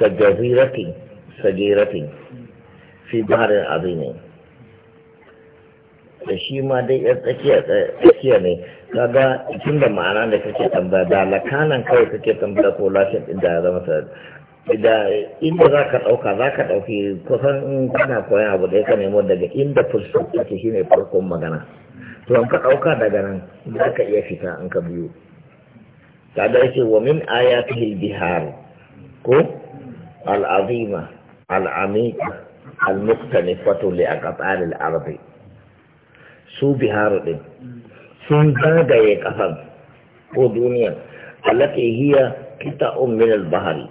كجزيرة صغيرة في بحر عظيم da shi ma dai yar tsakiya ne kaga tun da ma'ana da kake tambaya da lakanan kawai kake tambaya ko din da ya zama ta da inda za ka ɗauka za ka ɗauki kusan in kana koyan abu da ka nemo daga inda fuska take ne farkon magana to an ka ɗauka daga nan za ka iya fita an ka biyu kaga yake wa min ayatul bihar ko al'azima al'amika al-muktanifatu li aqtar al-ardi su biharu ɗin. sun zagaye ƙasar ko duniya allati hiya kita'un min al-bahri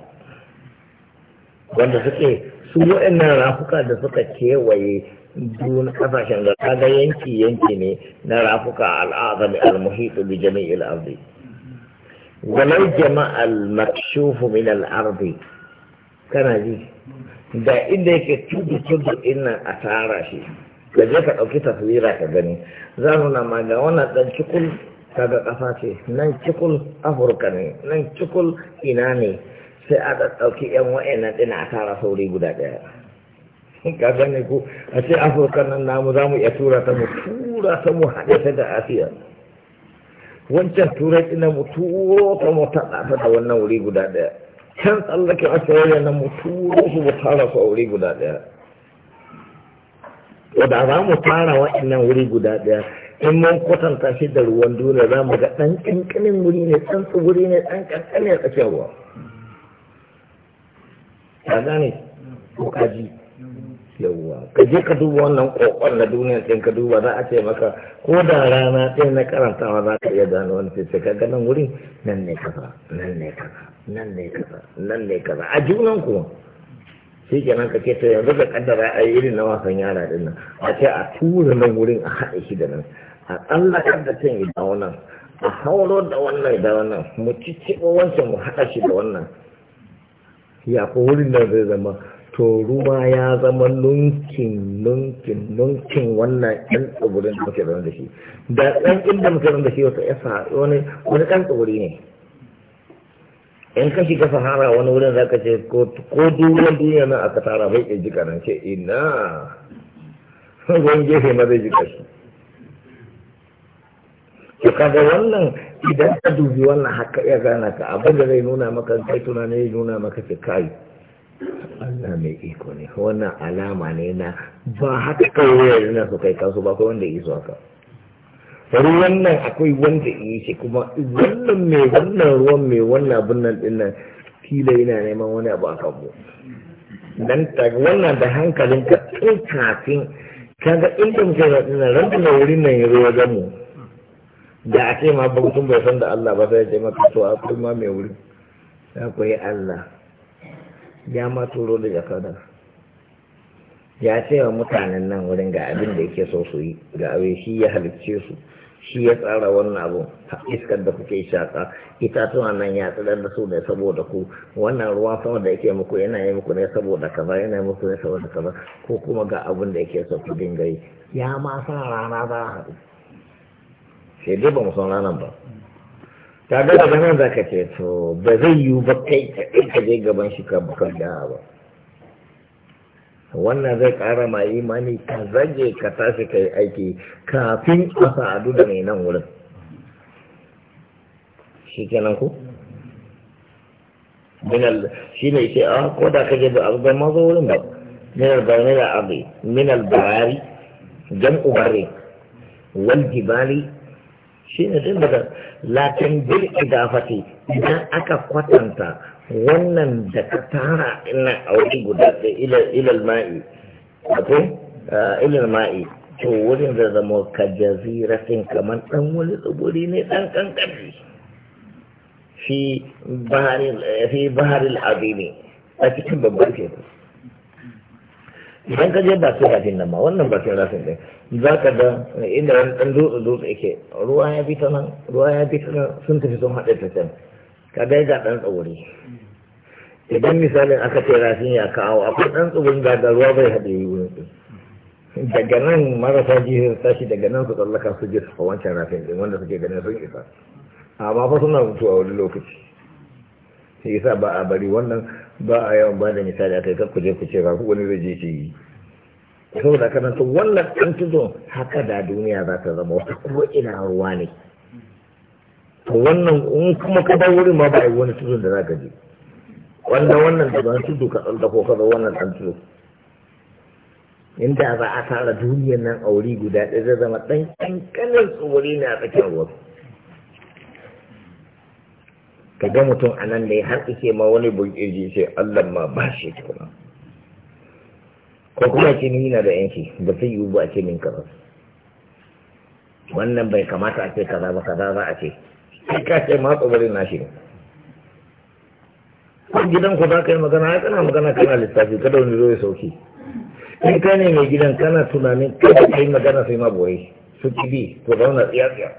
wanda suke su waɗannan rafuka da suka kewaye dun ƙasashen da kaga yanki yanki ne na rafuka al'azami al-muhitu bi jami'il ardi walau jama'al makshufu min al-ardi kana ji da inda yake tudu tudu ina a tara shi ka je ka ɗauki taswira ka gani za mu na ma ga wannan ɗan cikul kaga ƙasa ce nan cikul afirka ne nan cikul ina ne sai a ɗauki yan wa'annan ɗina a tara sauri guda ɗaya ka gane ku a ce afirka nan namu za mu iya tura ta mu tura ta mu haɗe ta da asiya wancan turai ɗina mutu turo ta mu taɗa ta wannan wuri guda ɗaya can tsallake australia na mu turo su mu tara su a wuri guda ɗaya wadda za mu tara wa'annan wuri guda ɗaya in mun kwatanta shi da ruwan duniya za mu ga ɗan ƙanƙanin wuri ne ɗan tsibiri ne ɗan ƙanƙanin a tsakiyar ruwa ka gane ko kaji yawwa ka je ka duba wannan kokon na duniya ɗin ka duba za a ce maka ko da rana ɗaya na karantawa za ka iya gano wani sai ka ga nan wurin nan ne kaza nan ne kaza nan ne kaza nan ne kaza a junan kuma shi kenan ka ce to yanzu ka kaddara a irin na wasan yara din nan a ce a tura nan wurin a haɗa shi da nan a tsallakar da can ida wannan a hauro da wannan da wannan mu ci wancan mu haɗa shi da wannan ya ko wurin nan zai zama to ruwa ya zama nunkin nunkin nunkin wannan ɗan tsibirin da muke da shi da ɗan inda muke da shi wata yasa wani wani ɗan tsibiri ne in ka shiga sahara wani wurin za ka ce ko duwan duniya nan aka tara bai ke jika nan ce ina wani gefe ma zai jika shi to kaga wannan idan ka dubi wannan haka iya gana ka abin da zai nuna maka kai tunani ya nuna maka ce kai Allah mai iko ne wannan alama ne na ba haka kawai yanzu na su kai kansu ba kai wanda iso haka faru wannan akwai wanda yi shi kuma wannan mai wannan ruwan mai wannan abin nan din nan kila yana neman wani abu a kanmu dan ta wannan da hankalin ka tun kafin kaga inda muke na dinnan ran da wurin nan ya zo wajen mu da ake ma ba mutum bai san da Allah ba sai ya ce maka to akwai ma mai wurin akwai Allah ya ma turo da jakada ya ce wa mutanen nan wurin ga abin da yake so su yi ga abin shi ya halicce su shi ya tsara wannan abu iskar da kuke shaka itatuwa nan ya tsirar da su ne saboda ku wannan ruwan sama da yake muku yana yi muku ne saboda kaza yana yi muku ne saboda kaza ko kuma ga abin da yake so ku dinga yi ya ma sa rana za a haɗu sai dai ba mu san ranar ba ka ga daga nan za ka ce to ba zai yiwu ba kai kaɗai ka je gaban shi ka bukar da ba wannan zai ƙara ma imani ka zage ka tashi ka yi aiki kafin a sa'adu da mai nan wurin shi kenan ku minal shi ne ce a ah, ko da ka je da abu bai mazo wurin ba minal bayani da abu minal bari. jan ubari wal jibali shi ne zai magana lakin bil idafati idan aka kwatanta wannan da ka tara ina a wuri guda da ilal ma'i wato ilal ma'i to wurin da zama ka jaziratin kamar dan wani tsibiri ne dan kankanci fi baharil fi azimi a cikin babban teku idan ka je ba su rafin nan ma wannan ba su rafin ne za ka da inda wani ɗan dutse dutse yake ruwa ya bi ta nan ruwa ya bi ta nan sun tafi sun haɗe ta can ka ga ga ɗan tsauri idan misalin aka ce rafin ya kawo akwai ɗan tsibirin ga da ruwa bai haɗe yi wurin daga nan marasa jihar tashi daga nan su tsallaka su je su fa wancan rafin ɗin wanda suke ganin sun isa amma fa suna mutu a wani lokaci sai isa ba a bari wannan ba a yawan ba da misali a kai kan kuje kuce ba ku wani zai je ce yi saboda kana to wannan an zo haka da duniya za ta zama wata kuma ina ruwa ne to wannan in kuma ka bar wurin ma ba a yi wani tuzon da za ka je wanda wannan da ban tudu ka ɗan dako ka wannan ɗan tudu inda za a tara duniyar nan a wuri guda ɗaya zai zama ɗan ƙanƙanin tsuri ne a tsakiyar ruwa ka ga mutum a nan ya har ike ma wani bukirji ce Allah ma ba shi kuma ko kuma ce ni na da yanki ba sai yiwu a ce min kaza wannan bai kamata a ce kaza ba kaza za a ce sai ka ce ma tsobarin nashi ne ko gidan ku za ka yi magana ya kana magana kana littafi kada wani zo ya sauki in ka ne mai gidan kana tunanin kada ka yi magana sai ma bore su bi, to zauna tsiya-tsiya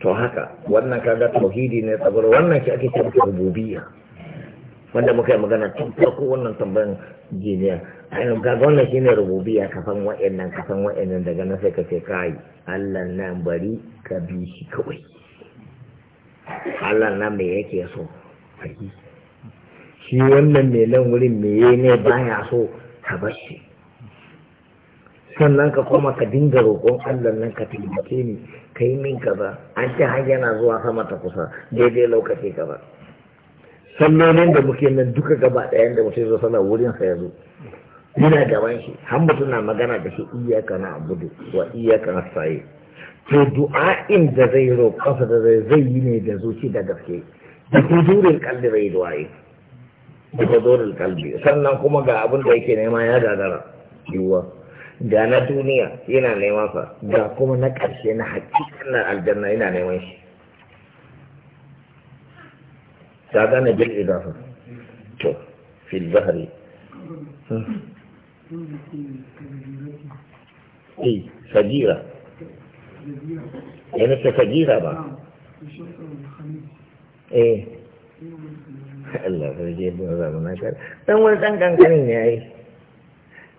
to haka wannan kaga tauhidi ne tsabar wannan ki ake cewa rububiyya wanda muka yi magana tun farko wannan tambayan jiniya a yanzu ga wannan shine rububiya kafan wa'annan kafan wa'annan daga nan sai ka ce kai Allah nan bari ka bi shi kawai Allah nan me yake so shi wannan mai nan wurin me ne baya so ka bar shi sannan ka koma ka dinga roƙon Allah nan ka taimake ni ka yi min kaza an ce har yana zuwa sama ta kusa daidai lokaci kaza sallolin da muke nan duka gaba ɗaya da mutum zo sana wurin sa ya zo yana gaban shi har mutum na magana da shi iyaka na abudu wa iyaka na saye to du'a'in da zai roƙasa da zai zai yi ne da zuci da gaske da hudurin kalbi da du'a'i da hudurin kalbi sannan kuma ga abin da yake nema ya gagara yiwuwa da na duniya yana neman sa da kuma na ƙarshe na hakikan aljanna yana neman shi ta gane bil idafa to fil zahari eh sajira yana ta sajira ba eh Allah sarki ibn zamana kar dan wani dan kankanin ne yayi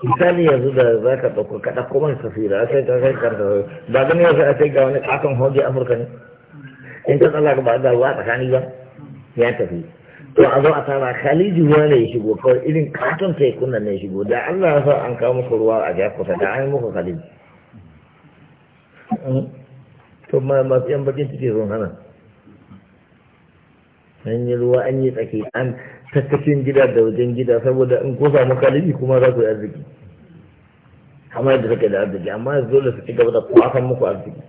misali yanzu da za ka ɗauko ka ɗauko man safira sai ka kai karta ba ganin yasa sai ga wani katon hoji amurka ne in ka tsalla ba da ruwa tsakani ba ya tafi to a zo a tara khaliju ne ya shigo kawai irin katon sai kunna ne shigo da Allah ya sa an kawo muku ruwa a ja kusa da an muku khaliju to ma masu yan bakin suke zo hana an yi ruwa an yi tsaki an tattakin gida da wajen gida saboda in ko samu khaliju kuma za ku yi arziki amma yadda suke da arziki amma dole su ci gaba da kwasan muku arziki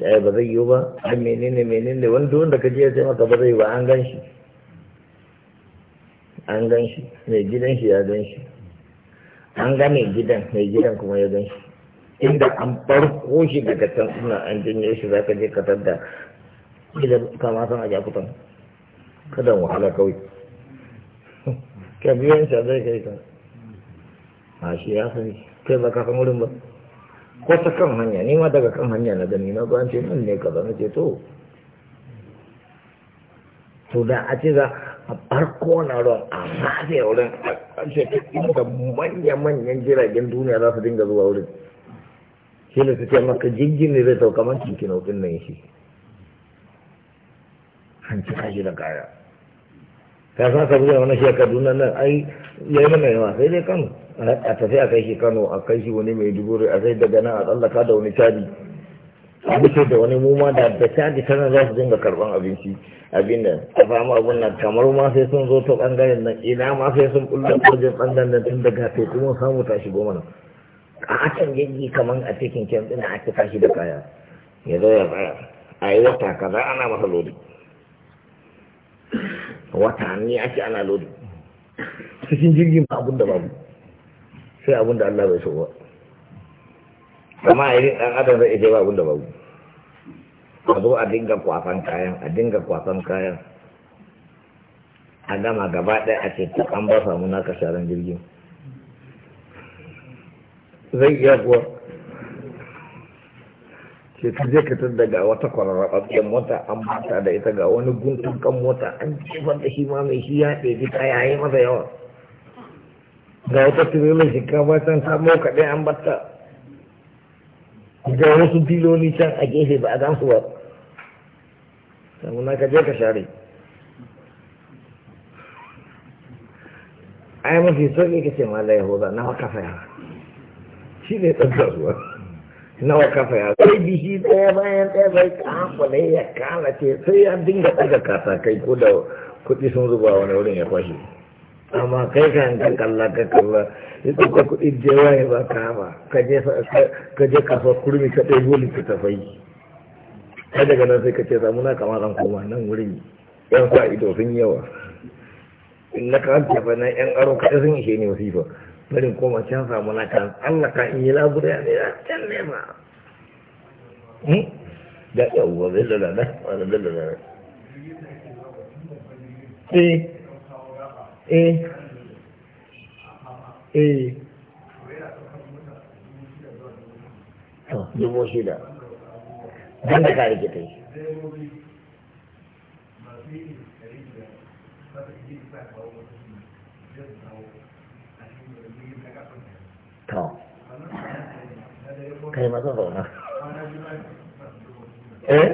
sai eh, ba zai yiwu ba ai menene menene wani wanda ka je sai maka ba zai ba an gan shi an gan shi mai gidan shi ya gan shi an ga mai gidan mai gidan kuma ya gan shi inda an farko shi daga can suna an jinye shi za ka je ka tadda gidan kama san a jakutan kadan wahala kawai ka biyan sa zai kai ka a shi ya sani kai ba ka san wurin ba ko ta kan hanya ni ma daga kan hanya na gani na gwanci nan ne kaza na ce to to da a ce za a farko na ruwan a a wurin a shekaru da manya-manyan jiragen duniya za su dinga zuwa wurin shi ne su ce maka jirgin ne zai sauka man cikin na nan shi hanci kashi da kaya ka san buga wani shi kaduna nan ai ya yi mana yawa sai dai kano a tafi a kai shi kano a kai shi wani mai duburi a sai daga nan a tsallaka da wani caji a bishe da wani muma da da caji tana za su dinga karban abinci abin da a samu abin nan kamar ma sai sun zo ta bangaren nan ina ma sai sun bulla wajen bangaren nan tun daga sai kuma samu ta shigo mana a can jirgi kamar a cikin kyan a ake shi da kaya ya zo ya tsaya a yi wata kaza ana masa lodi Wata ni ake ana lodi cikin jirgin ba abun da babu sai abun da Allah bai so ba amma a irin ɗan adam zai ba abun da babu a zo a dinga kwasan kayan a dinga kwasan kayan a gama gaba ɗaya a ce ta an ba samu naka sharan jirgin zai iya kuwa sai ka je ka tadda ga wata kwararraɓaɓɓen mota an bata da ita ga wani guntun kan mota an jefar da shi ma mai shi ya ɗebi kaya yi masa yawa ga wata tirelin shinkafa can samo kaɗai an bata ga wasu filoli can a gefe ba a gansu ba sannan ka je ka share ai mafi sauƙi ka ce ma la yahuda na maka saya shi ne ɗan kasuwa nawa kafa ya sai bishi ɗaya bayan ɗaya bai ne ya ce, sai ya dinga ɗaga katakai ko da kuɗi sun zuba wani wurin ya kwashe amma kai ka ka kalla ka kalla ya tsoka kuɗi jewa ya ba kama ka je kafa kurmi ka ɗaya boli ka tafai kai daga nan sai ka ce samu na kama zan koma nan wurin yan sa ido sun yawa in na kawance ba na yan aro kaɗai sun ishe ne wasifa barin koma can samu na kan Allah ka in yi labure a da can ne ma hmm? da yawwa zai na wani na eh eh eh dubu shida don da ka rikita yi kai masa zauna eh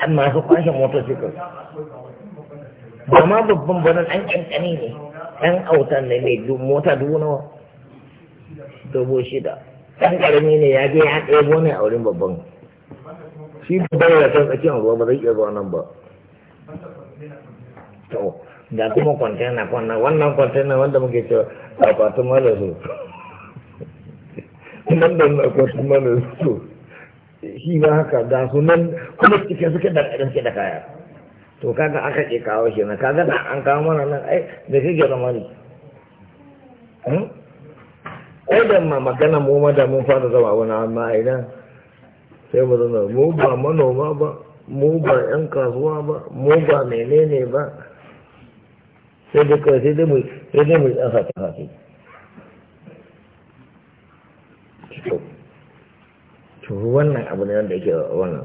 an masu kwashe motosikul ba ma babban banan an kankani ne ɗan autan ne mai mota dubu nawa dubu shida ɗan ƙarami ne ya je ya ɗebo ne a wurin babban shi babban ya san tsakiyar ruwa ba zai iya zuwa nan ba da kuma kwantena kwanan wannan kwantena wanda muke cewa akwatin mala su nan da akwatin mala su shi ba haka da su nan kuma cike suke da kaɗan da kaya to kaga aka ke kawo shi na kaga da an kawo mana nan ai da shi gyara mani hmm? ai da ma magana mu ma da mun fara zama wani amma a ina sai mu zama mu ba manoma ba mu ba 'yan kasuwa ba mu ba menene ba sai dai kawai sai dai mu sai dai mai dan ta hafi to wannan abu ne wanda yake wannan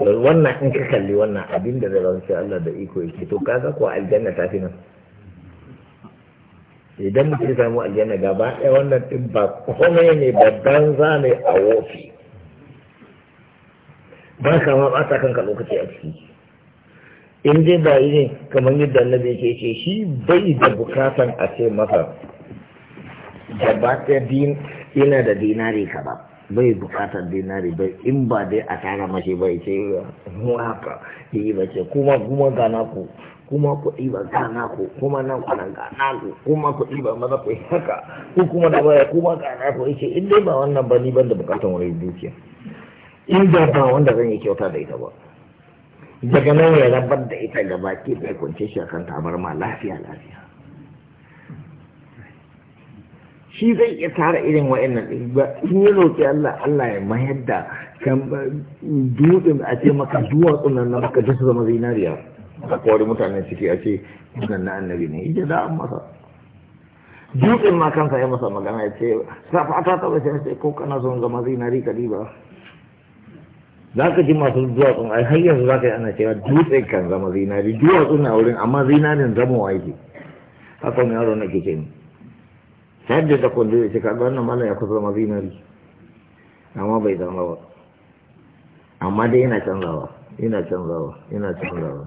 wannan in ka kalli wannan abin da zai rantsa Allah da iko yake to kaga ko aljanna ta fi nan idan mutum ya samu aljanna gaba ɗaya wannan ɗin ba komai ne babban zane a wofi ba ka ma ta kanka lokaci a ciki in dai ba yi ne kamar yadda annabi ke ce shi bai da bukatan a ce masa gaba ɗaya din yana da dinari ka ba bai bukatar dinari bai in ba dai a tara mashi bai ce mu haka yi ba ce kuma kuma ga ku kuma ku ɗiba ga ku? kuma nan kwanan ga ku kuma ku ɗiba maza ku haka ku kuma da baya kuma ga ku yace in dai ba wannan ba ni ban da bukatan wani dukiya in da ba wanda zan yi kyauta da ita ba daga nan ya rabar da ita ga baki da kunce shi akan tabar ma lafiya lafiya shi zai iya tara irin wa'annan in ya roƙi Allah Allah ya mayar da kan dutsen a ce maka zuwa tsunan na maka duk zama zinariya a kawar mutanen ciki a ce nan na annabi ne ije da an masa dutsen ma kansa ya masa magana ya ce safa ta taba ce ko kana son zama zinari ka ba za ka ji masu duwatsun ai har yanzu za ka yi ana cewa dutse kan zama zinari duwatsu na wurin amma zinarin zama wa yake haka wani yaro na ke ce ni sai da takon da ya ce ka wannan malam ya kusa zama zinari amma bai zama ba amma dai yana canzawa yana canzawa yana canzawa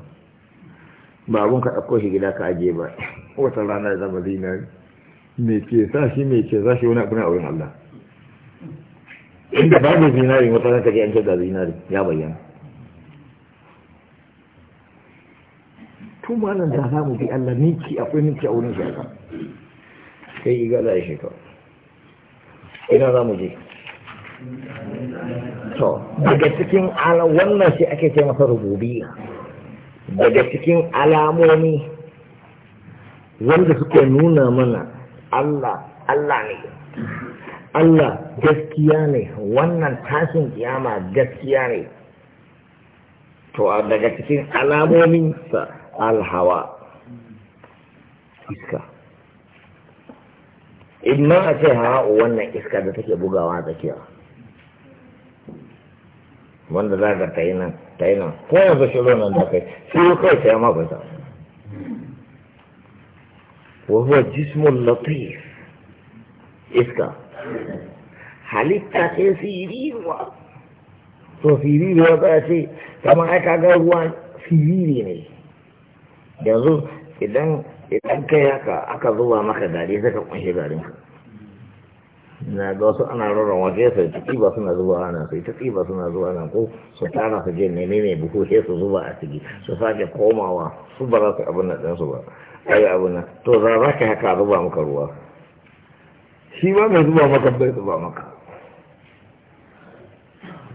ba abun ka ɗauko shi gida ka ajiye ba wata rana zama zinari me ke sa shi me ke sa shi wani abu na wurin Allah inda babu zinari wata zata ta ji an ce zinari ya bayyana tun nan da za mu bi Allah miki akwai miki a wurin shaka sai iga za a yi shekaru ina za mu je to daga cikin ala wannan shi ake ce masa rububiyya daga cikin alamomi wanda suke nuna mana Allah Allah ne Allah gaskiya ne wannan tashin kiyama gaskiya ne to daga cikin alamominsa alhawa iska imma a ce hawa wannan iska da take bugawa tsakiya wanda za ka ta yi ta yi nan ko yanzu shiro nan da kai shiro kawai ta yi mafisa wa huwa jismun latif iska halitta ce siriwa to siriwa za ce kamar aka ga ruwa siriri ne yanzu idan idan kai haka aka zuba maka gari zaka kunshe garin ka na ga wasu ana rarra waje sai ta tsiba suna zuba ana sai ta tsiba suna zuba nan ko su tara su je ne ne buhu sai su zuba a ciki su sake komawa su ba za su abin nan ɗansu ba ai abin nan to za ka haka zuba maka ruwa shi ba mai zuba maka bai zuba maka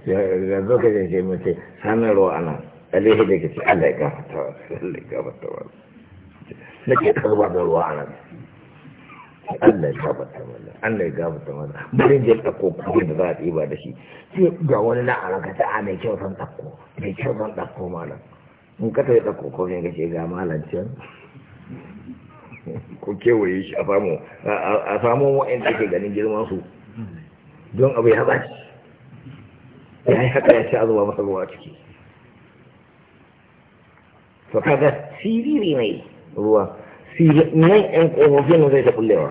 ya zo ka je mace sanarwa ana alihi da ke ce allai ya gafarta wa Allah ya wa na ke karba da ruwa ana Allah ya gafarta allai Allah ya gafarta mana bari kuɗi da za a ɗiba da shi sai ga wani na ana ka ta ah, mai kyau san ɗauko mai kyau san ɗauko malam in ka ta yi ɗauko ko mai gace ga malam can ko kewaye shi a samu a famo wa'in take ganin girman su don abu ya baci ya yi haka ya ce azuwa masa ruwa ciki to kaga siriri ne ruwa nan yan kofofin zai ta bullewa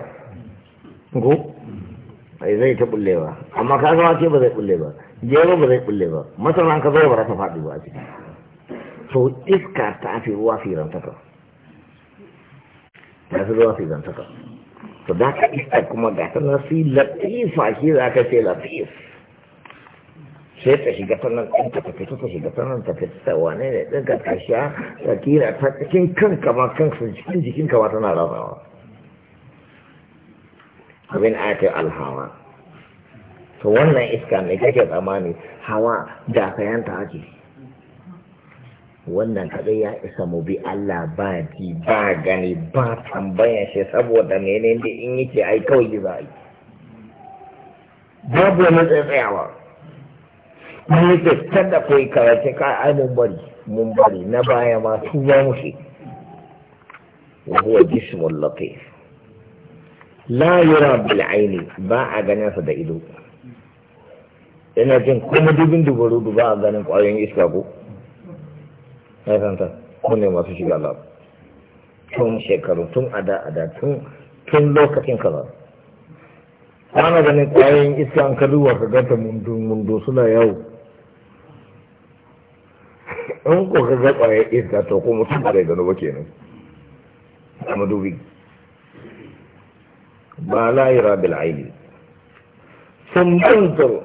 ko zai ta bullewa amma kaga wace ba zai bulle ba gero ba zai bulle ba masana ka zai ba ta faɗi ba a ciki to iska ta fi ruwa firantaka ta fi zuwa ta. to da ka iska kuma ga ta nasi latifa shi za ka ce latif sai ta shiga ta nan ɗin ta tafi ta shiga ta nan ta tafi ta wane ne ɗin ka ta ta kira ta cikin kanka ma kanka cikin jikinka ma tana rasawa abin ake alhawa to wannan iska mai kake tsammani hawa da kayanta ake wannan kaɗai ya isa mu bi Allah ba ji ba gani ba tambaya shi saboda mene da in yake ai kawai ji ba yi babu wani tsayawa mun yi ta da yi karatu ka ai mun bari mun bari na baya ma su ba mu shi wa huwa jismul latif la yura bil aini ba a ganin sa da ido ina jin kuma dubin dubaru ba a ganin kwayoyin iska ko ya santa ku ne masu shiga lab tun shekaru tun ada ada tun tun lokacin kaza ana ganin kwayoyin iska an wa ka ta mundu mundu suna yawo in ko ka ga kwayoyin iska to ko mutum ba zai gano ba kenan amma madubi ba la ira bil aini sun bantur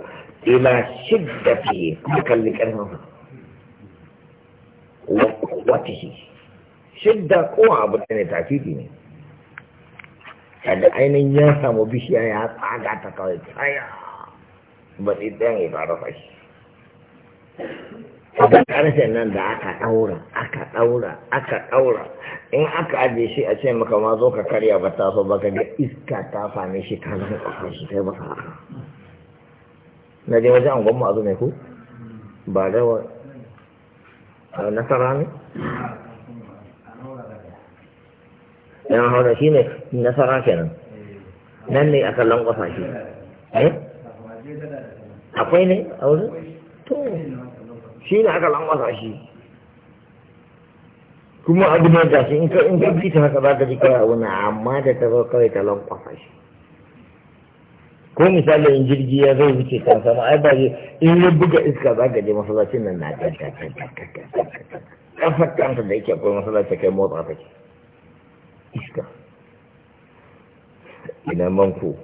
ila shiddati kuma kalli karfin shi shidda ko abu ne tafiti ne kada ainihin ya samu bishiya ya tsaga ta kawai tsaya ba ɗi ɗan ya fara fashi da ƙarshen nan da aka ɗaura aka ɗaura aka ɗaura in aka ajiye shi a ce maka ma zo ka karya ba taso so ba ka ga iska ta same shi ta zama ƙasar shi sai masa haka na je wajen angon a zo ne ku ba da nasara ne yan haura shi ne nasara kenan nan ne aka lankwasa shi eh? akwai ne a wurin to shi ne aka lankwasa shi kuma abu na gashi in ka in ka bi ta haka za ka ji kawai abu na amma da ta zo kawai ta lankwasa shi ko misali in jirgi ya zai wuce kan sama ai ba in ya buga iska za ka je masallacin nan na ta ta ta ta kan kafar kanta da yake akwai masallacin kai motsa ta ke, iska ina ku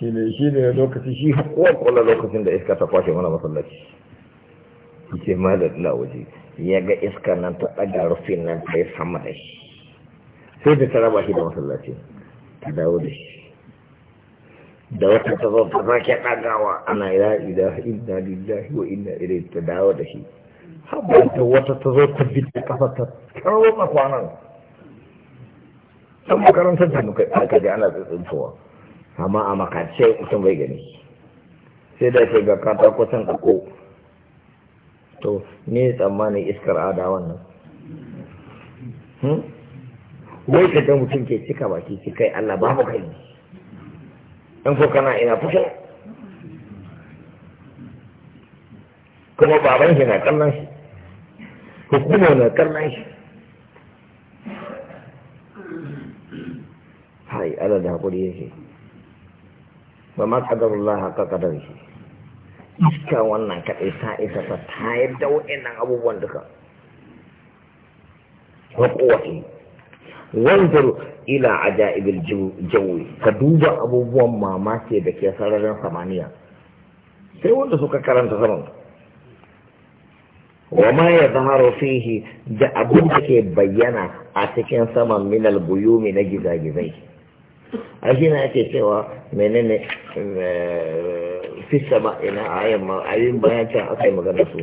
shi ne shi ne lokaci shi kowa lokacin da iska ta kwashe mana masallaci ce ma da ila waje ya ga iska nan ta ɗaga rufin nan ta yi sama da shi sai da ta raba shi da masallaci ta dawo da shi da wata ta zo ta ɗagawa ana ila ila inna lillahi wa inna ilaihi ta dawo da shi haɓar wata ta zo ta bi ta kafa ta kawo na kwanan san makarantar da muka aka ji ana tsintsintowa amma a makarce mutum bai gani sai da ke ga kata kusan ƙaƙo to ne tsammanin iskar ada wannan hmm? wai ka ga mutum ke cika baki kai, Allah ba mu kai in ko kana ina fito kuma baban shi na kallon shi hukuma na kallon shi hai ala da hakuri yake ba ma kadarullah haka kadar shi iska wannan kaɗai ta isa ta tayar da wa'annan abubuwan duka wa kowace wanzur ila ajaibil jawi ka duba abubuwan mamaki da ke sararin samaniya sai wanda suka karanta saman wa ma ya zaharo fihi da abin da ke bayyana a cikin saman minal buyumi na gizagizai a shi na yake cewa menene eh, fisa ba ina ayin bayan can aka yi magana su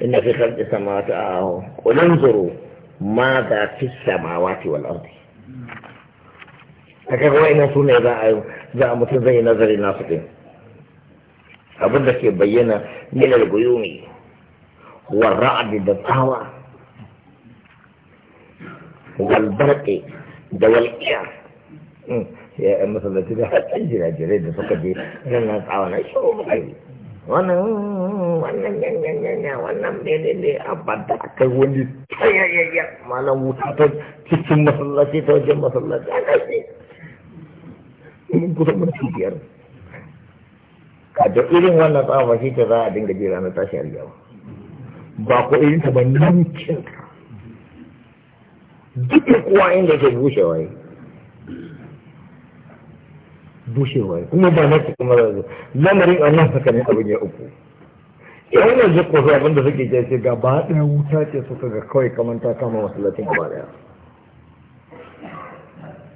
inda fi karɗi samata ta ahu zuru ma za fi samawati wal ardi kaga wa'annan su ne za a za a mutu zai nazari nasu din abin da ke bayyana min al-guyumi wal ra'd da tsawa wal barqi da wal qiyas ya masallaci da hakan jirajirai da suka je na tsawa na shi wannan wannan ganganganya wannan daidai abada kai wani tsayayyayya malam wuta ta cikin masallaci ta wajen masallaci ana ce mun kusa mun ci biyar kaga irin wannan tsawa shi ta za a dinga jira na tashi aljawa ba ko irin ta ba nan cin duk kuwa inda ke bushewa yi bushewa kuma ba na kuma marazu lamarin Allah haka ne abin ya uku da yanzu ko abin da suke ce ga ba ɗaya wuta ce suka ga kawai kamar ta kama masallacin gaba ɗaya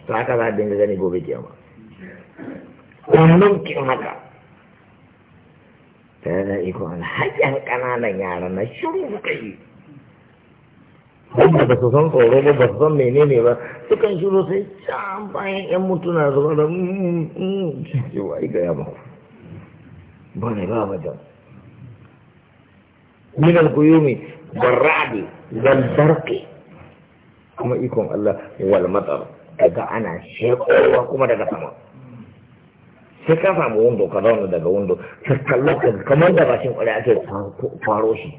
ta haka za a dinga gani gobe kiyama kullum kin haka ta yana iko alhaƙin ƙananan yaran na shirin kai wanda ba su san tsoro ba ba su san menene ba sukan shiro sai can bayan yan mutuna zuwa da cewa mm, mm, mm. ai gaya ba ba ne ba ba jan min al-quyumi barrabi wal kuma ikon Allah wal matar daga ana shekowa kuma daga sama sai ka samu wando ka zauna daga wando ka kallon kamar da bashin kwarai ake faro shi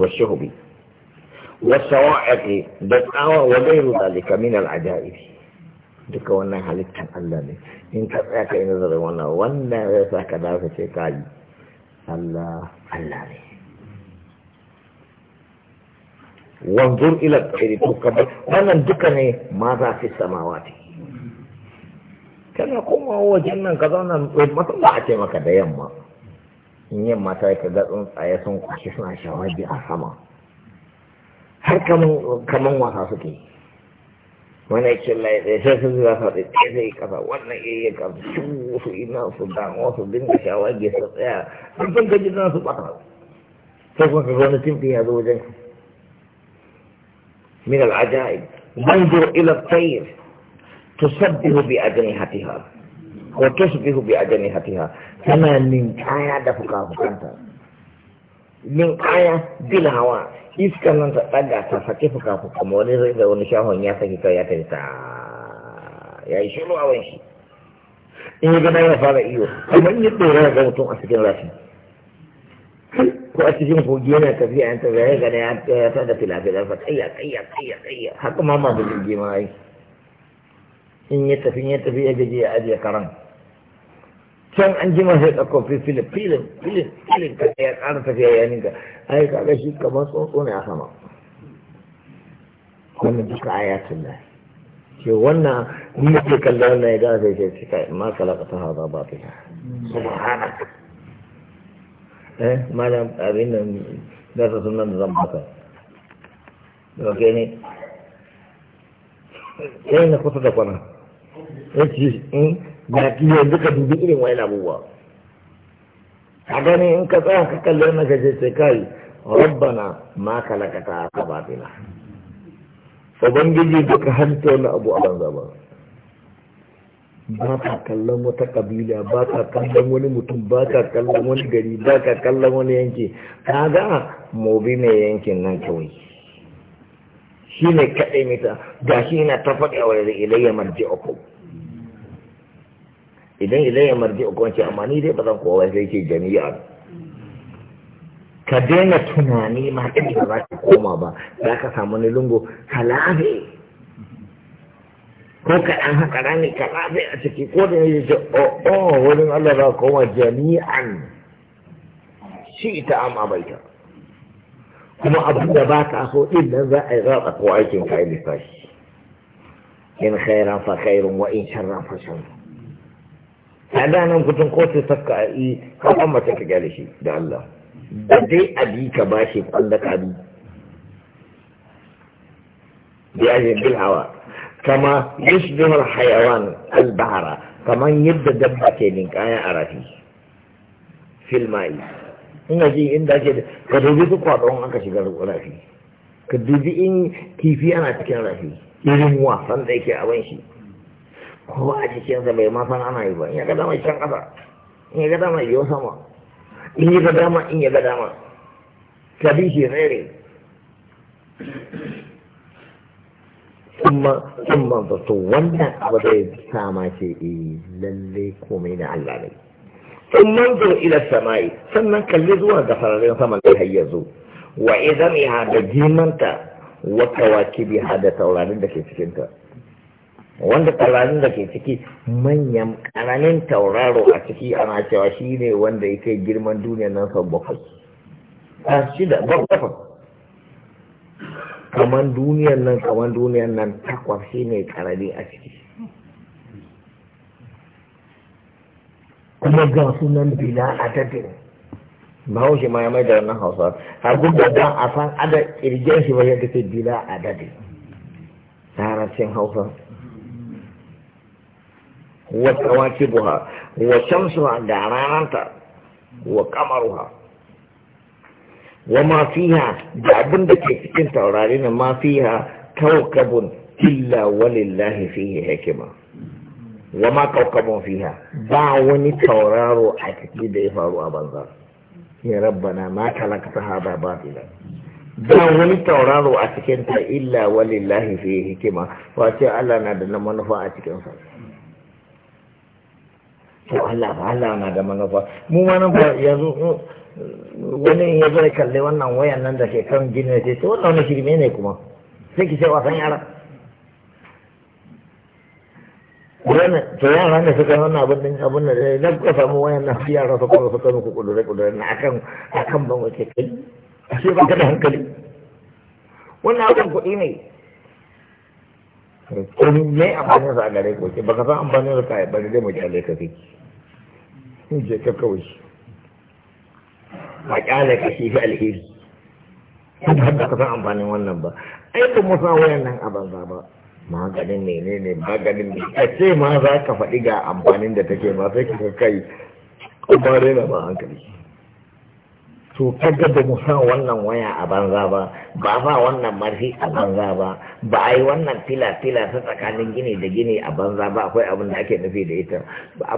والشهب والصواعق بسعوى وغير ذلك من العجائب دك وانا حالك كان اللاني ان تبعك ان ذر وانا وانا غيرتك دارك شيكاي الله اللاني وانظر الى الخير تكبر وانا دكني ماذا في السماوات كان يقوم هو جنة كذا وانا مطلعك مكذا يمّا in yin mata ka ga tsaye sun kwashe suna shawagi a sama har kaman wasa suke wani ce laifin sai sun zuwa sa tsaye sai kasa wannan iya yi kan su su ina su damuwa su dinga shawagi su tsaya duk sun gaji na su bata sai kuma ka ga wani timfin ya zo wajen min al'ajaib banzur ila tsayir tusabbihu bi ajnihatiha ko tusbihu bi ajnihatiha tana ninkaya da fuka-fukanta ninkaya bil hawa iskan nan ta daga ta sake fuka-fukan wani zai da wani shahon ya saki kai ya ta ta ya yi shiru a wani shi in yi gana ya fara iyo amma kamar yi tsoro ga mutum a cikin rashin ko a cikin kogi yana tafiya yan tafiya ya gana ya ta tada filafilar fa tsayya tsayya tsayya tsayya haka ma ma da jirgi ma yi in ya tafi ya tafi ya gaji ya ajiye karan can an jima sai ɗauko filin filin filin filin ka ya ƙara tafiya ya ninka ai ka ga shi kamar tsuntsu ne a sama wannan duka ayatun nan ce wannan ni ke kalla wannan ya gane sai ce kai ma kalaka ta haza ba ta subhana eh malam abin nan da ta sunan da zan baka ok ne sai na kusa da kwana yake da yanzu ka dubi irin wani abubuwa a gani in ka tsaya ka kalli wannan ka ce kai rabbana ma kalakata ka batina ubangiji duka hanta wani abu a banza ba ba ka kallon wata kabila ba ka kallon wani mutum ba ka kallon wani gari ba ka kallon wani yanki ka ga mobi mai yankin nan kawai shi ne kaɗai mita ga shi na ta faɗa wa ilayya uku idan idan ya marji hukunci amma ni dai ba zan kowa sai ke jami'a ka daina tunani ma ɗin ba za ka koma ba za ka samu ni lungu halabe ko ka ɗan haka rani ka labe a ciki ko da ya ce o oh, o oh, wurin Allah za ka koma jami'an shi ita amma bai ta kuma abin da ba ka so ɗin nan za a yi za a kowa aikin ka yi lissafi in khairan fa khairun wa in sharran fa sharran a da nan kutun kotu tafka a yi kawon mace ka gyara shi da Allah da dai abi ka ba shi kwanda ka bi ya yi bil hawa kama yusbihul hayawan albahara. Kama kaman yadda dabba ke ninkaya a rafi filmai ina ji inda ke da ka dubi su kwadon aka shiga rafi ka dubi in kifi ana cikin rafi irin wasan da yake a shi kowa a cikinsa bai ma san ana yi ba in ya ga dama can ƙasa in ya ga dama yau sama in ya ga dama in ya ga dama ka bi shi rere kuma kuma ba to wannan abu da ya sama ce eh lalle komai da Allah ne in manzur ila samai sannan kalli zuwa ga fararen sama da har yanzu wa idan ya da jimanta wa kawakibi hada taurarin da ke cikinta wanda taurarin da ke ciki manyan ƙananin tauraro a ciki ana cewa shi ne wanda ya kai girman duniya nan sau bakwai a shida bakwai kamar duniyan nan kamar duniyan nan takwas shi ne ƙarami a ciki kuma ga sunan bila a tattalin bahaushe ma ya mai da wannan hausa har gudu da a san adadin kirgen shi ba yadda ke bila a dadin larabcin hausa wa kawakibuha wa shamsuha da rananta wa kamaruha wa ma fiha da abin da ke cikin taurari na ma fiha kawkabun illa walillahi fihi hikima Wama ma kawkabun fiha ba wani tauraro a ciki da ya faru a banza ya rabbana ma talakta hada batila ba wani tauraro a cikin ta illa walillahi fihi hikima wace Allah na da manufa a cikin sa to Allah Allah na da manufa mu ma nan ba yanzu wani ya zo ya kalli wannan wayan nan da ke kan gini ne to wannan wani shirme ne kuma sai ki sai wasan yara to yara ne suka wannan abin din abin da da ka samu wayan nan su yara suka zo suka muku kudure kudure na akan akan ban wace kai sai ba ka da hankali wannan abin kuɗi ne kun ne amfani sa a gare ce ba ka san amfani sa ka ba dai mu ji ka fiki je ka kawai a ka shi fi alheri ba ka san amfanin wannan ba ai ba mu wayan nan a banza ba maganin menene maganin a ce ma za ka faɗi ga amfanin da take ma sai ka kai kuma na ba hankali to kaga ba mu sa wannan waya a banza ba ba ba wannan marfi a banza ba ba a yi wannan fila fila ta tsakanin gini da gini a banza ba akwai abin da ake nufi da ita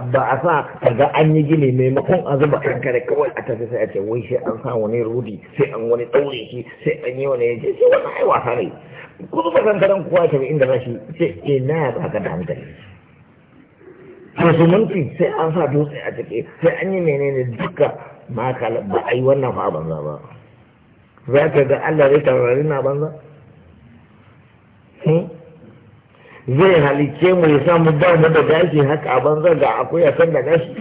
ba a sa kaga an yi gini maimakon a zuba kankare kawai a tafi sai a ce wai sai an sa wani rudi sai an wani ɗaure shi sai an yi wani yaje sai wani ai wasa ne ku zuba kankaren kuwa ta inda rashi sai eh, na ya ba ka da hankali to zumunci sai an sa dutse a ciki sai an yi menene duka ma kala ba ai wannan fa banza ba za ka ga Allah zai tarari na banza hmm? zai halice mu ya samu ba mu da gashi haka a banza ga akwai a san da gashi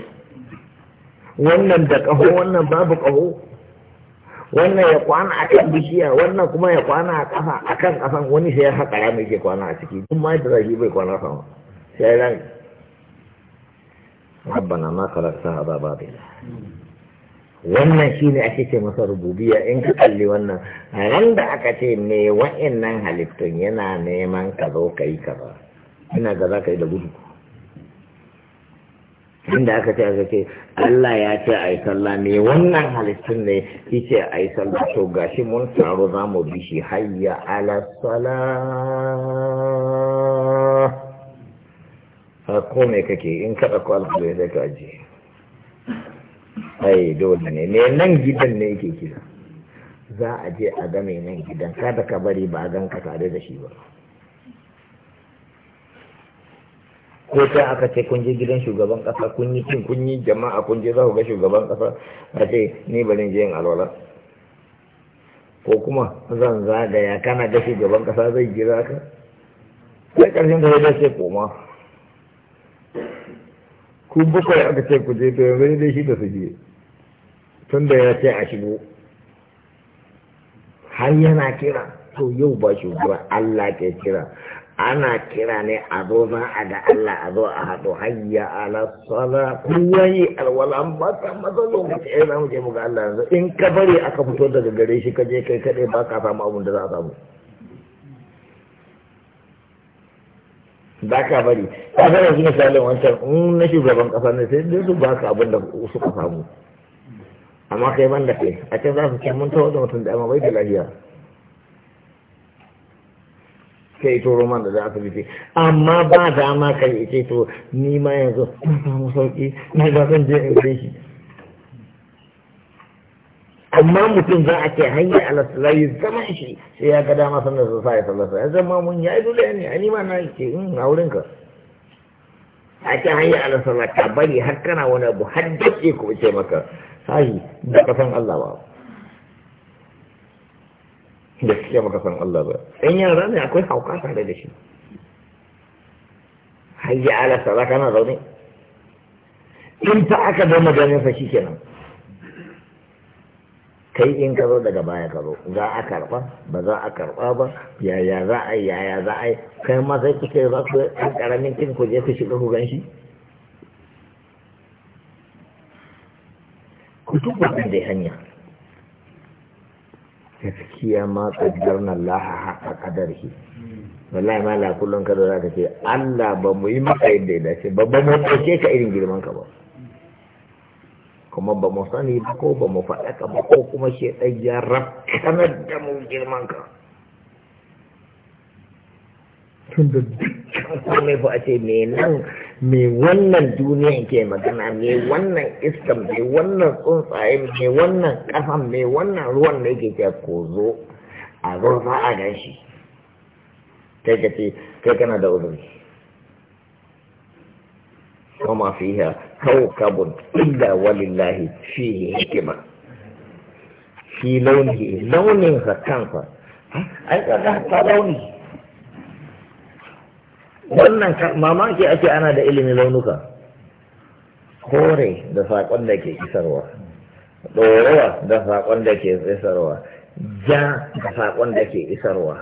wannan da kaho wannan babu kaho wannan ya kwana a kan bishiya wannan kuma ya kwana a kafa a kan kafan wani sai ya haƙa rami ke kwana a ciki kuma ma da zafi bai kwana sama sai ran rabbana ma khalaqta hadha batila wannan shi ne ake ce masa rububiya in ka kalli wannan ran da aka ce me wa'annan halittun yana neman ka zo ka yi kaza ina ga za ka yi da gudu inda aka ce aka ce Allah ya ce a yi sallah me wannan halittun ne shi ce a yi sallah to gashi mun taro za mu bi shi hayya ala sala ko me kake in kada ko alƙalai sai ka ajiye sai eh, dole ne ne nan gidan ne yake kira za a je a ga mai nan gidan kada ka bari ba a gan ka tare da shi ba ko ta aka ce kun je gidan shugaban kasa kun yi cin kun yi jama'a kun je za ku ga shugaban kasa a ce ni bari je yin alwala ko kuma zan zagaya kana ga shugaban kasa zai jira ka sai karshen da ya ce koma ku bakwai aka ce ku je to yanzu ne dai shi da su je tun da ya ce a shigo har yana kira to yau ba shugaba Allah ke kira ana kira ne a zo za a ga Allah a zo a haɗo hayya ala sala kowa yi alwala ba ta maza lokaci ai eh, za mu je mu ga Allah yanzu in ka bari aka fito daga gare shi ka je kai kaɗai ba ka samu abin da za a samu ba ka bari ka ga yanzu misalin wancan in na shugaban ƙasa ne sai dai su ba ka abin da suka samu amma kai ban da kai a can za su ce mun tawo da mutum da amma da lahiya sai ito man da za su bi amma ba ma kai ce to ni ma yanzu ba samu sauki na ga zan je in kai shi amma mutum za a ce hanyar alasalayi zama shi sai ya ga dama sannan su sa ya sallasa ya zama mun ya yi dole ne hmm, a nima na ce in a wurinka a ce hanyar alasalayi ka bari har kana wani abu har dace ko ce maka sahi da kasan Allah ba da suke baka san Allah ba ɗan yana ne akwai hauka tare da shi hayya ala sala kana zaune in ta aka zo maganin sa shikenan kai in ka zo daga baya ka zo za a karba ba za a karba ba yaya za a yaya za a yi kai ma sai kuke za ku ɗan ƙaramin kin ku je ku shiga ku gan shi duk da dai hanya gaskiya ma kaddar na laha haka kadar shi wallahi ma la kullun kada za ka ce Allah ba mu yi maka yadda ya dace ba ba mu ɗauke ka irin girman ka ba kuma ba mu sani ba ko ba mu faɗa ka ba ko kuma shi ya rafkanar da mu girman ka tun da dukkan kome ba a ce me nan me wannan duniya ke magana me wannan iskan me wannan tsuntsaye me wannan kasan me wannan ruwan da yake ke ko zo a zo za a gan shi kai ka ce kai kana da uzuri kuma fiha kawkabun illa walillahi fihi hikima fi launi launin sa kansa ai ga ta launi wannan mamaki ake ana da ilimin launuka kore da saƙon da ke isarwa Ɗorowa da saƙon da ke isarwa ja da saƙon da ke isarwa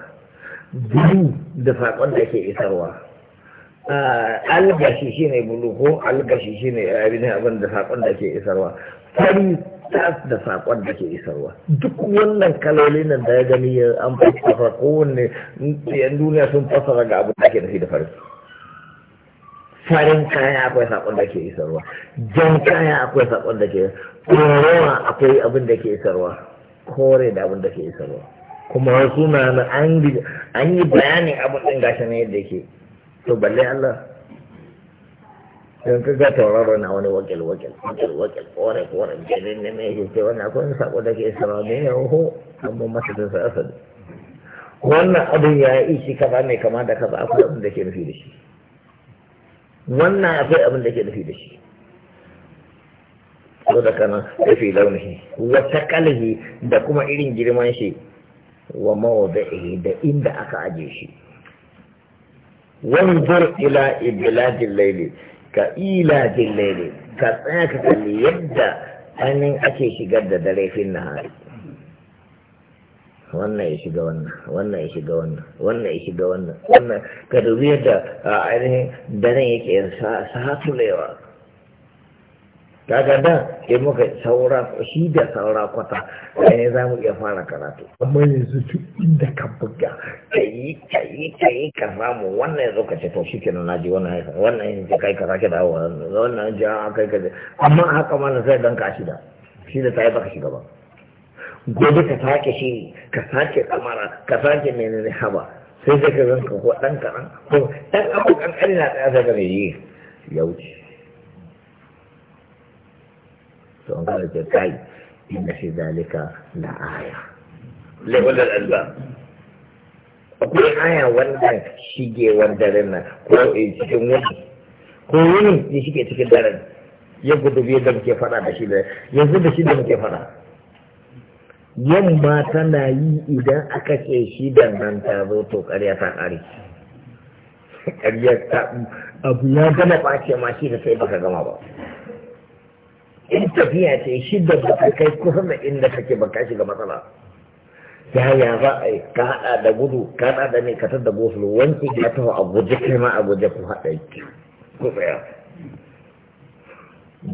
bulu da saƙon da ke isarwa algashi shine bulu ko algashi shine abin da saƙon da ke isarwa fari tas da sakon da ke isarwa duk wannan kaloli nan da ya gani ya an fassara kowanne yan duniya sun fassara ga abin da ke da shi da farin farin kaya akwai sakon da ke isarwa jan kaya akwai sakon da ke korewa akwai abin da ke isarwa kore da abin da ke isarwa kuma suna an yi bayanin abin din gashi ne yadda yake to balle Allah don ka ga tauraro na wani wakil wakil wakil wakil kore kore jirin ne mai yake wani akwai sako da ke sama ne ya ho an mun da su asali wannan abin ya yi shi kaza mai kama da kaza akwai abin da ke nufi da shi wannan akwai abin da ke nufi da shi ko da kana ya fi launihi wata kalihi da kuma irin girman shi wa mawada'ihi da inda aka aje shi wanzur ila ibladil layli ka ila jillele ka tsaya ka kalli yadda ainihin ake shigar da dare fin nahari wannan ya shiga wannan wannan ya shiga wannan wannan ya shiga wannan wannan ka dubi yadda ainihin daren yake yin satulewa kaga da ke muka saura shi da saura kwata ya eh, za mu iya fara karatu amma yanzu duk inda ka buga ka yi ka yi ka yi ka samu wannan ya zo ka ce to shi kenan na ji wannan haifar wannan ya kai ka sake dawo wannan ja ah, kai ka je amma haka ma na sai ka shi shida shi da ta yi baka shiga ba gobe ka sake shi ka sake kamara ka sake menene haba sai dai ka zanka ko ɗan kaɗan ko ɗan abokan ƙanƙani na ɗaya zaka ne yi ya wuce to an kada ce kai inna fi zalika la aya alba akwai aya wanda shige wanda rana ko eh, cikin wani ko wani ne shige cikin daren ya gudu biyar da muke fada da shi da yanzu da shi da muke fada yamma tana yi idan aka ce shi da nan ta zo to karya ta kare karya ta abu ya gama ɓace ma shi da sai baka gama ba in tafiya ce shidda da kai kusa da inda kake ba ka shiga matsala yaya za a yi ka haɗa da gudu ka haɗa da ne katar da gosulo wanki ya taho a guje kai ma a guje ku haɗa ku tsaya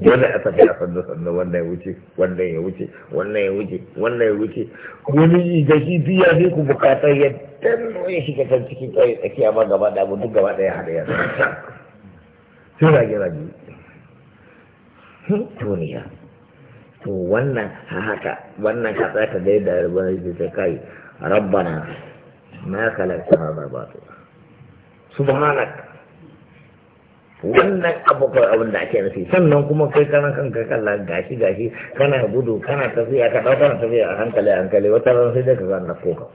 dole a tafiya a sanda sanda wanda ya wuce wanda ya wuce wanda ya wuce wanda ya wuce wani da shi biya ne ku bukata ya danno ya shiga can cikin tsakiya ma gaba da abu duk gaba ɗaya ya sai rage rage duniya to wannan haka wannan ka tsaka dai da rubar da ta kai rabbana ma kalakta hada to subhanak wannan ko abin da ake nufi sannan kuma kai kana kanka kalla gashi gashi kana gudu kana tafiya ka dauka tafiya a hankali a hankali wata ran sai dai ka ga na koka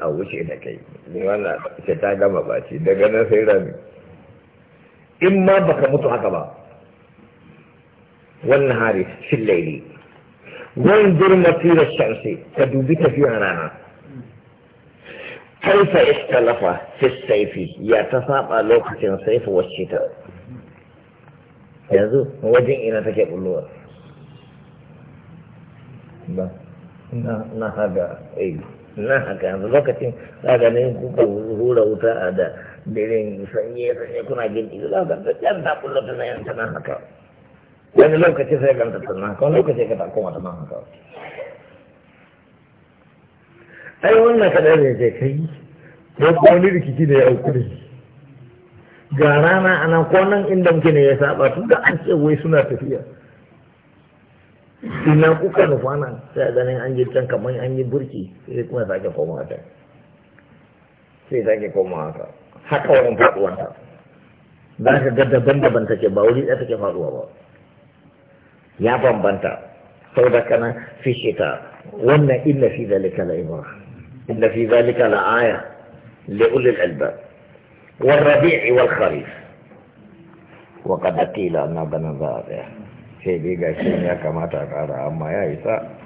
a wuce da kai ni wannan ce ta gama baci daga nan sai rami in ma baka mutu haka ba والنهار في الليل وانظر مطير الشمس تدوب في رانا كيف اختلف في السيف يتصاب لوقة السيف والشتاء yanzu wajen ina take bullowa ba na na haga eh na haka yanzu lokacin za ga ne kuka hura wuta a da birin sanyi sanyi kuna jin ido za ga ta ta bullo ta yanta, na haka wani lokaci sai ganta tunan kan lokaci ka tako mata man haka ai wannan kadai ne ke kai ko kuma wani rikici da ya auku da ga rana ana kwanan inda muke ne ya saba tun da an ce wai suna tafiya ina kuka nufa nan sai ganin an yi can kamar an yi burki sai kuma sake koma ta sai sake koma haka haka wurin faduwanta za ka ga daban-daban take ba wuri ɗaya take faduwa ba ya bambanta saboda kana fi shita wannan illa fi zalika la ibra illa fi zalika la aya li ulil albab wal rabi' wal kharif wa qad qila anna bana za'a sai dai gashi ya kamata a kara amma ya isa